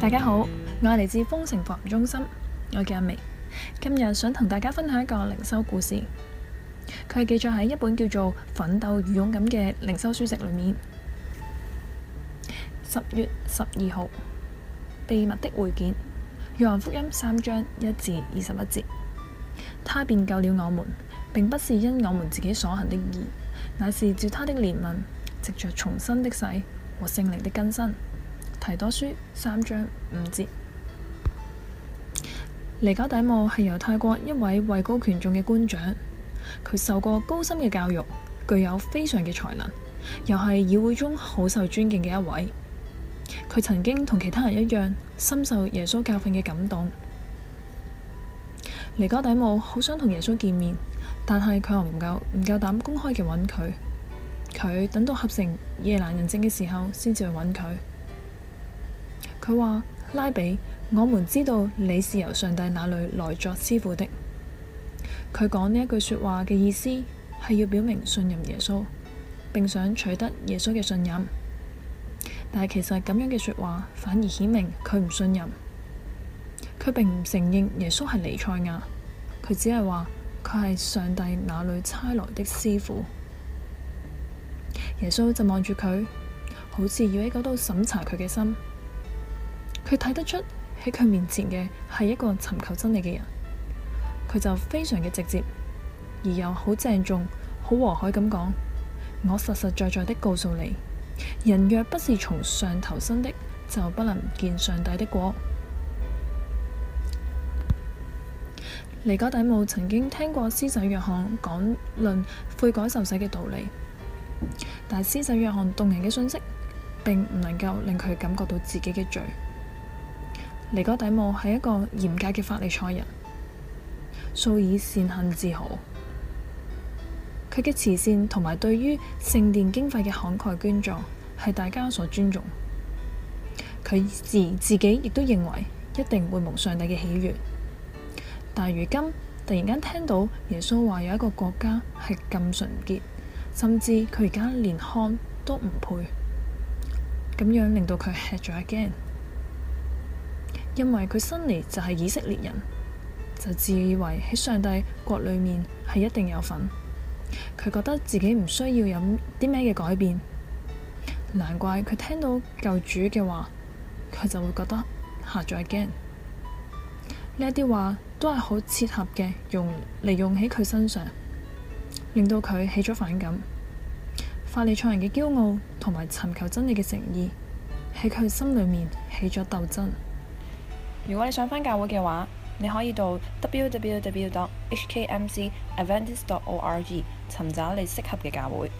大家好，我係嚟自豐城服務中心，我叫阿明，今日想同大家分享一個靈修故事，佢係記載喺一本叫做《奮鬥與勇敢》嘅靈修書籍裏面。十月十二號，秘密的會見，約翰福音三章一至二十一節，他便救了我們，並不是因我們自己所行的義，乃是照他的憐憫，藉著重生的洗和聖靈的更新。提多書三章五節。尼哥底慕係由猶太國一位位高權重嘅官長，佢受過高深嘅教育，具有非常嘅才能，又係議會中好受尊敬嘅一位。佢曾經同其他人一樣，深受耶穌教訓嘅感動。尼哥底慕好想同耶穌見面，但係佢又唔夠唔夠膽公開嘅揾佢。佢等到合成夜闌人靜嘅時候，先至去揾佢。佢話，拉比，我們知道你是由上帝那裏來作師傅的。佢講呢一句說話嘅意思係要表明信任耶穌，並想取得耶穌嘅信任。但係其實咁樣嘅說話反而顯明佢唔信任。佢並唔承認耶穌係尼賽亞，佢只係話佢係上帝那裏差來的師傅。耶穌就望住佢，好似要喺嗰度審查佢嘅心。佢睇得出喺佢面前嘅係一個尋求真理嘅人，佢就非常嘅直接，而又好鄭重、好和藹咁講：我實實在在的告訴你，人若不是從上投生的，就不能見上帝的國。尼哥底母曾經聽過施洗約翰講論悔改受洗嘅道理，但施洗約翰動人嘅信息，並唔能夠令佢感覺到自己嘅罪。尼哥底母係一個嚴格嘅法利賽人，素以善行自豪。佢嘅慈善同埋對於聖殿經費嘅慷慨捐助係大家所尊重。佢自自己亦都認為一定會蒙上帝嘅喜悅，但如今突然間聽到耶穌話有一個國家係咁純潔，甚至佢而家連看都唔配，咁樣令到佢吃咗一驚。因為佢生嚟就係以色列人，就自以為喺上帝國裏面係一定有份。佢覺得自己唔需要有啲咩嘅改變，難怪佢聽到救主嘅話，佢就會覺得嚇咗一驚。呢一啲話都係好切合嘅，用利用喺佢身上，令到佢起咗反感，法利賽人嘅驕傲同埋尋求真理嘅誠意喺佢心裏面起咗鬥爭。如果你想返教會嘅話，你可以到 www.hkmcadventist.org 尋找你適合嘅教會。